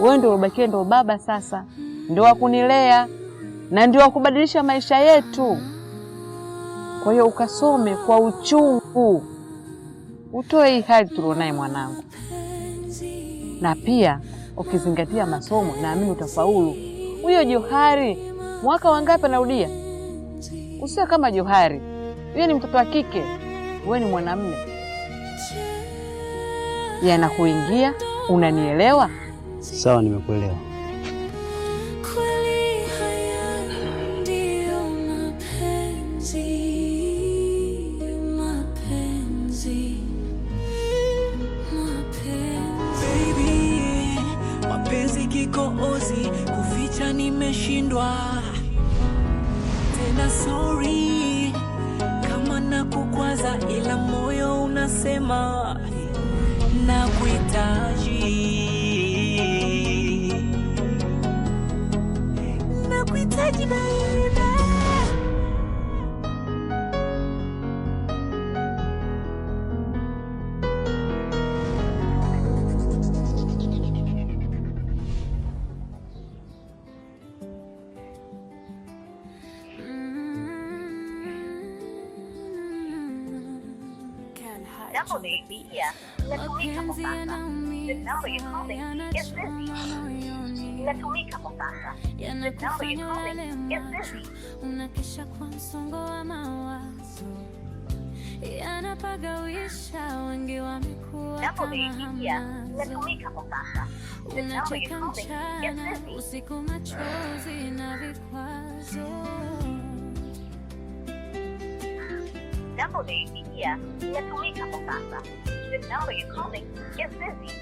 wewe ndio ubakie, ndio baba sasa, ndio wakunilea na ndio wakubadilisha maisha yetu. Kwa hiyo ukasome kwa uchungu, utoe hii hali tulionaye mwanangu, na pia ukizingatia masomo, naamini utafaulu. Huyo Johari mwaka wangapi anarudia? Usiwe kama Johari, huyo ni mtoto wa kike, wewe ni mwanamume. Yanakuingia, unanielewa? Sawa, nimekuelewa. unakisha kwa msongo wa mawazo yanapagawisha, wengi wamekuwa unacheka mchana usiku, machozi na vikwazo number unayoipigia inatumika kwa sasa. The number you're calling is busy.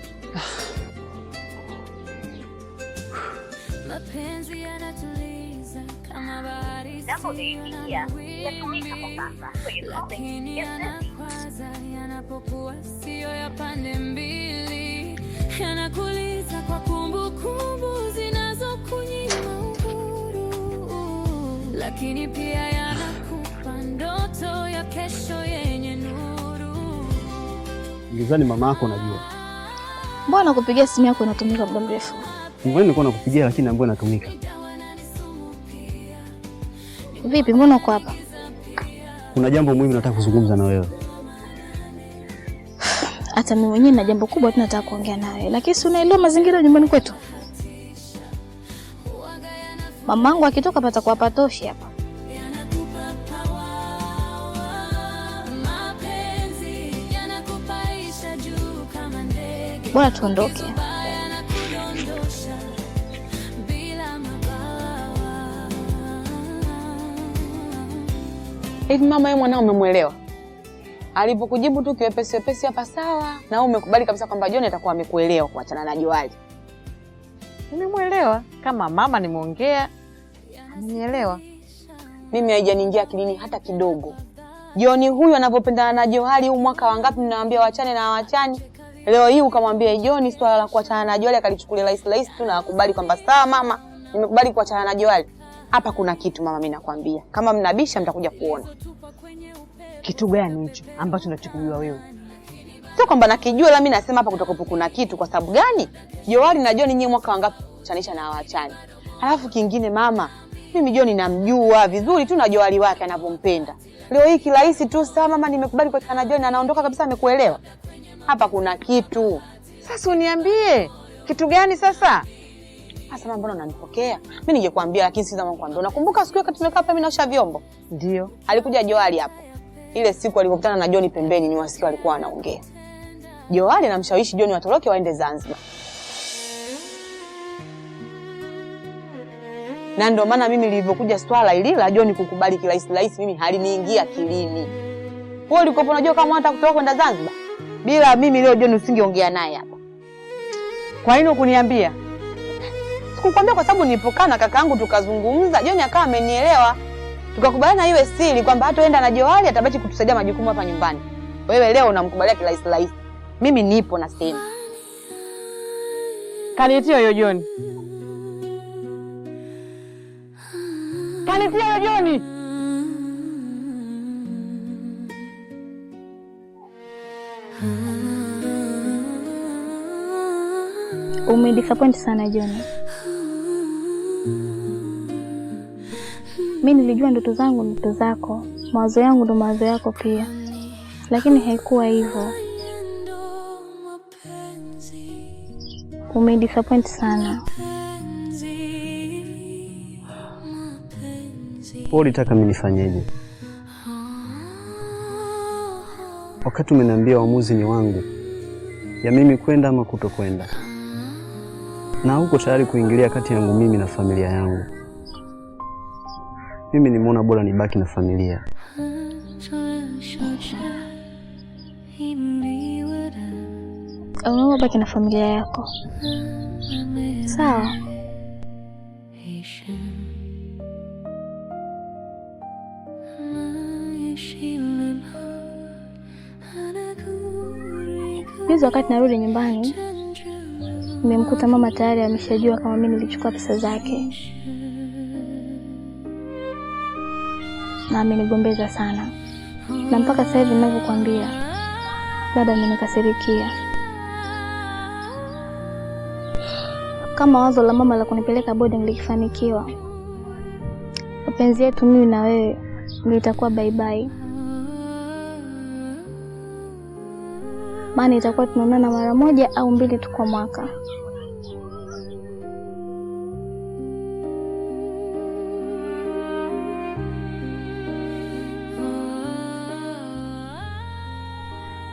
Mapenzi yanatuliza kama bahari. Namba unayoipigia inatumika kwa sasa. So you're calling is busy. Yanapokuwa sio ya pande mbili, yanakuliza kwa kumbukumbu zinazokunyima uhuru, lakini pia ndoto ya kesho yenye nuru. Gizani mama yako unajua. Mbona nakupigia simu yako inatumika muda mrefu? Mbona nilikuwa nakupigia lakini ambayo inatumika. Vipi, mbona uko hapa? Kuna jambo muhimu nataka kuzungumza na wewe. Hata mimi mwenyewe na jambo kubwa tu nataka kuongea naye lakini si unaelewa mazingira ya nyumbani kwetu. Mamangu akitoka patakuwa patoshi hapa. bora tuondoke. Hivi mama, yeye mwanao umemwelewa? Alipokujibu tu kiwepesi wepesi hapa sawa, na umekubali kabisa kwamba John atakuwa amekuelewa kuachana na Juali? Nimemwelewa kama mama, nimeongea, amenielewa mimi. Haijaniingia akilini hata kidogo, joni huyu anavyopendana na Johari. Huu mwaka wangapi mnawambia wachane na wachani, Leo hii ukamwambia John swala la kuachana na Joali akalichukulia rahisi rahisi tu na akubali kwamba sawa mama, nimekubali kuachana na Joali. Hapa kuna kitu mama, mimi nakwambia, kama mnabisha mtakuja kuona. Kitu gani hicho ambacho unachokijua wewe? Sio kwamba nakijua, la mimi nasema hapa kutakopo kuna kitu. Kwa sababu gani? Joali na John nyinyi mwaka wangapi kuchanisha na waachani? Alafu kingine mama, mimi John namjua vizuri tu na Joali wake anavyompenda. Leo hii kirahisi tu, sawa mama, nimekubali kuachana na John, anaondoka kabisa, amekuelewa hapa kuna kitu sasa, uniambie kitu gani sasa? Sasa mbona unanipokea? mimi? ningekwambia lakini kwambia. Unakumbuka siku ile tumekaa hapa mimi naosha vyombo? Ndio. Alikuja Joali hapo. Ile siku alipokutana na Joni pembeni ni wasikia alikuwa anaongea Joali anamshawishi Joni watoroke waende Zanzibar. Na ndio maana mimi nilivyokuja swala ili la Joni kukubali kirahisi rahisi mimi haliniingia kilini. Wewe ulikopo unajua kama hata kutoka kwenda Zanzibar? Bila mimi leo jioni usingeongea naye hapa. Kwa nini ukuniambia? Sikukwambia kwa sababu nilipokaa na kakaangu tukazungumza, jioni akawa amenielewa. Tukakubaliana iwe siri kwamba hataenda na Johari atabaki kutusaidia majukumu hapa nyumbani. Wewe leo unamkubalia kirahisi rahisi. Mimi nipo na sehemu. kanitio hiyo jioni, Kanitia hiyo jioni. Umedisappoint sana Joni. Mi nilijua ndoto zangu ndoto zako, mawazo yangu ndo mawazo yako pia, lakini haikuwa hivyo. Umedisappoint sana. Ulitaka mimi nifanyeje? Wakati umeniambia uamuzi ni wangu ya mimi kwenda ama kutokwenda na huko tayari kuingilia kati yangu mimi na familia yangu. Mimi nimeona bora nibaki na familia. Unaona, baki na familia yako, sawa? Hizo wakati narudi nyumbani Nimemkuta mama tayari ameshajua kama mimi nilichukua pesa zake, na amenigombeza sana, na mpaka sasa hivi ninavyokuambia, dada amenikasirikia. Kama wazo la mama la kunipeleka boarding likifanikiwa, mapenzi yetu mimi na wewe ndio itakuwa bye bye. maana itakuwa tunaonana mara moja au mbili tu kwa mwaka.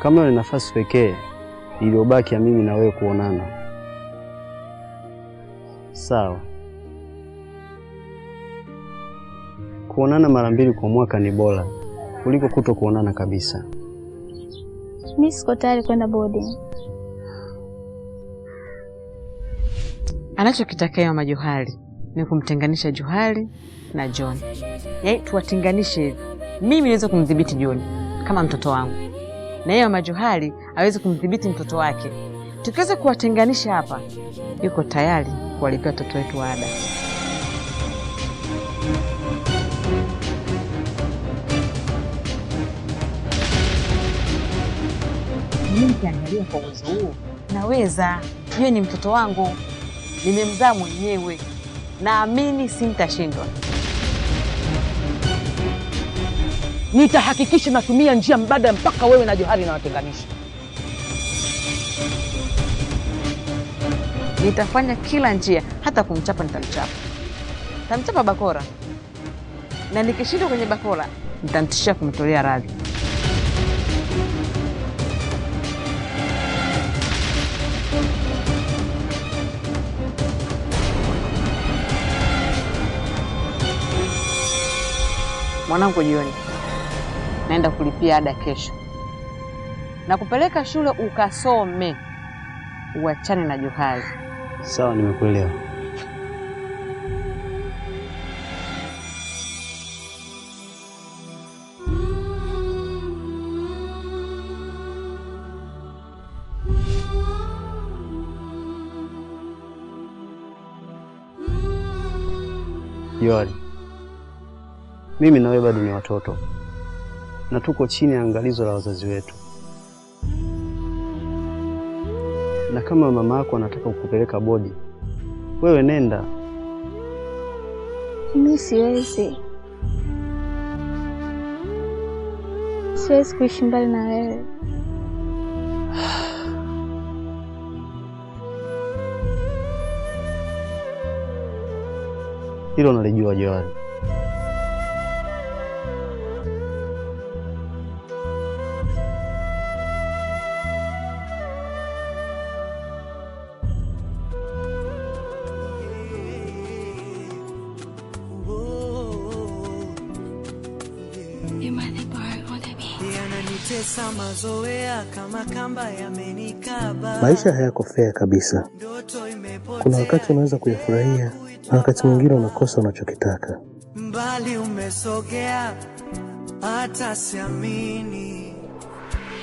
Kama ni nafasi pekee iliyobaki ya mimi na wewe kuonana, sawa. Kuonana mara mbili kwa mwaka ni bora kuliko kuto kuonana kabisa mi siko tayari kwenda boarding. Anachokitaka yeye Johari ni kumtenganisha Johari na John, yaani tuwatenganishe hivi. Mimi niweze kumdhibiti John kama mtoto wangu, na yeye Mama Johari aweze kumdhibiti mtoto wake. Tukiweza kuwatenganisha hapa, yuko tayari kuwalipia watoto wetu ada. mimi nikiangalia kwa uwezo huo naweza, yeye ni mtoto wangu, nimemzaa mwenyewe, naamini sintashindwa. Nitahakikisha natumia njia mbadala mpaka wewe na Johari nawatenganisha. Nitafanya kila njia, hata kumchapa nitamchapa, ntamchapa bakora, na nikishindwa kwenye bakora nitamtishia kumtolea radhi. Mwanangu jioni naenda kulipia ada kesho, na kupeleka shule ukasome, uachane na Johari. Sawa, nimekuelewa. Johari mimi na wewe bado ni watoto na tuko chini ya angalizo la wazazi wetu, na kama mama yako anataka kukupeleka bodi, wewe nenda. Mimi siwezi, siwezi kuishi mbali na wewe. Hilo nalijua Johari. Maisha hayako fea kabisa. Kuna wakati unaweza kuyafurahia na wakati mwingine unakosa unachokitaka. Mbali umesogea hata siamini.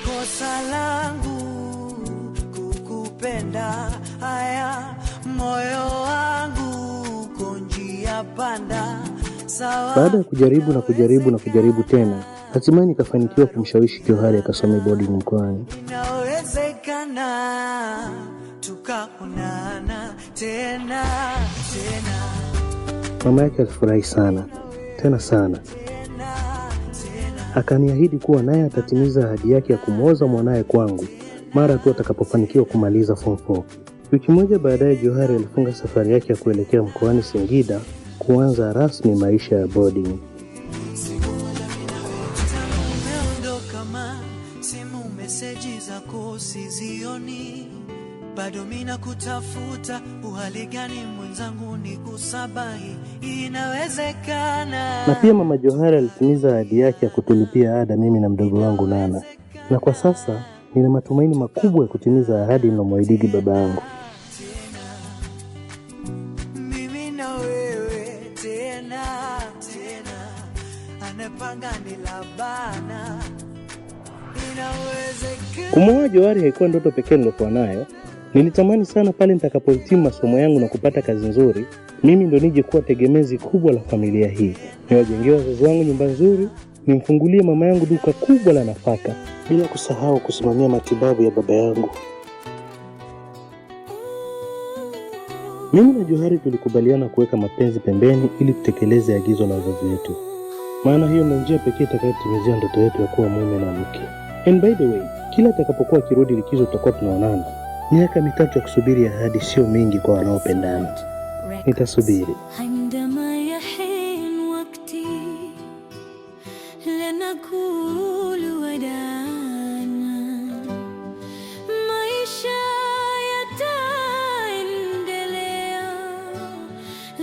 Kosa langu kukupenda, haya moyo wangu uko njia panda. baada ya kujaribu na kujaribu na kujaribu tena Hatimaye nikafanikiwa kumshawishi Johari akasome boarding mkoani. Inawezekana tukakunana tena tena. Mama yake alifurahi sana tena sana, akaniahidi kuwa naye atatimiza ahadi yake ya kumwoza mwanaye kwangu mara tu atakapofanikiwa kumaliza form Wiki moja baadaye, Johari alifunga safari yake ya kuelekea mkoani Singida kuanza rasmi maisha ya boarding. moyoni, bado mina kutafuta. Uhali gani mwenzangu ni kusabahi, inawezekana. Na pia Mama Johari alitimiza ahadi yake ya kutulipia ada mimi na mdogo wangu Nana, na kwa sasa nina matumaini makubwa ya kutimiza ahadi nilomwahidi baba yangu. Tena ni labana Kumwoa Johari haikuwa ndoto pekee nilokuwa nayo. Nilitamani sana pale nitakapohitimu masomo yangu na kupata kazi nzuri, mimi ndo nije kuwa tegemezi kubwa la familia hii, niwajengea wazazi wangu nyumba nzuri, nimfungulie mama yangu duka kubwa la nafaka, bila kusahau kusimamia matibabu ya baba yangu. Mimi na Johari tulikubaliana kuweka mapenzi pembeni ili tutekeleze agizo la wazazi wetu, maana hiyo ndio njia pekee itakayotimizia ndoto yetu ya kuwa mume na mke. And by the way, kila atakapokuwa akirudi likizo tutakuwa tunaonana. Miaka mitatu ya kusubiri ahadi sio mingi kwa wanaopendana. Nitasubiri.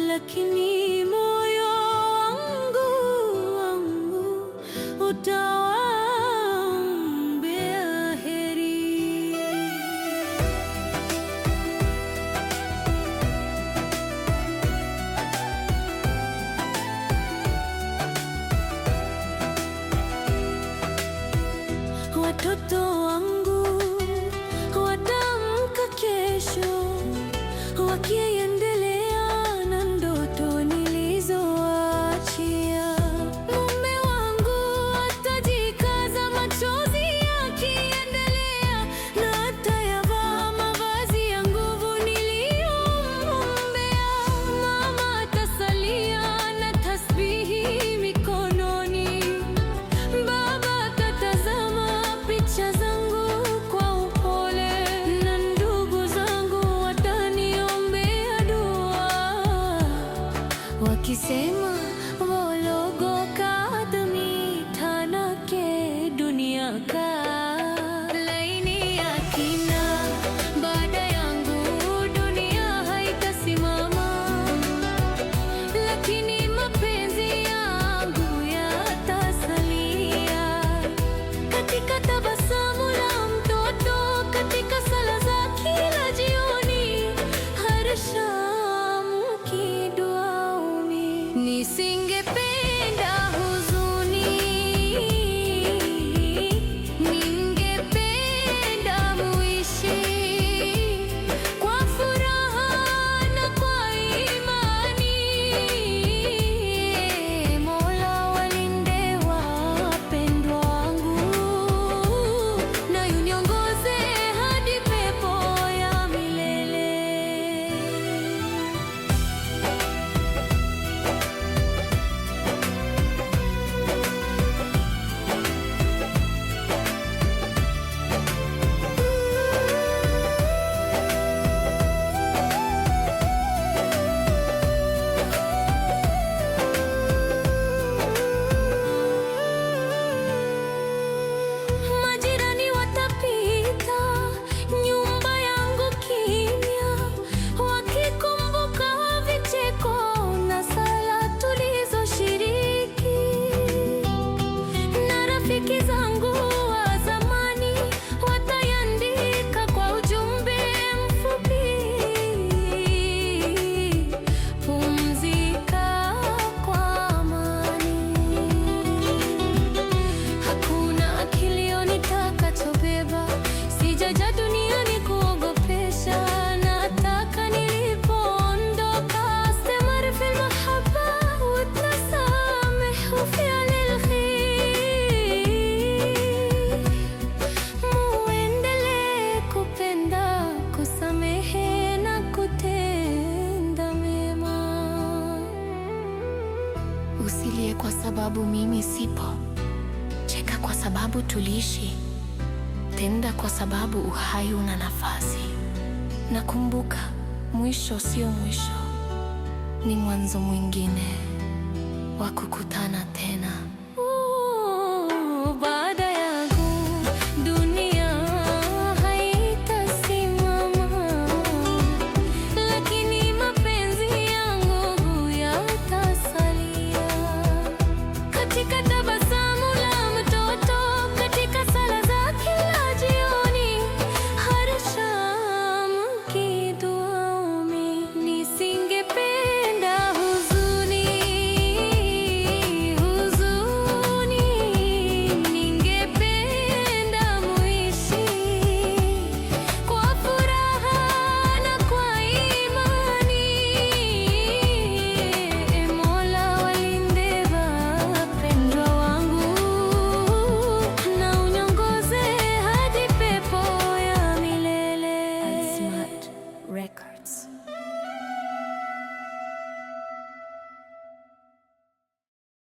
Lakini Herkese kuwa hayuna nafasi. Nakumbuka mwisho sio mwisho, ni mwanzo mwingine wa kukutana tena.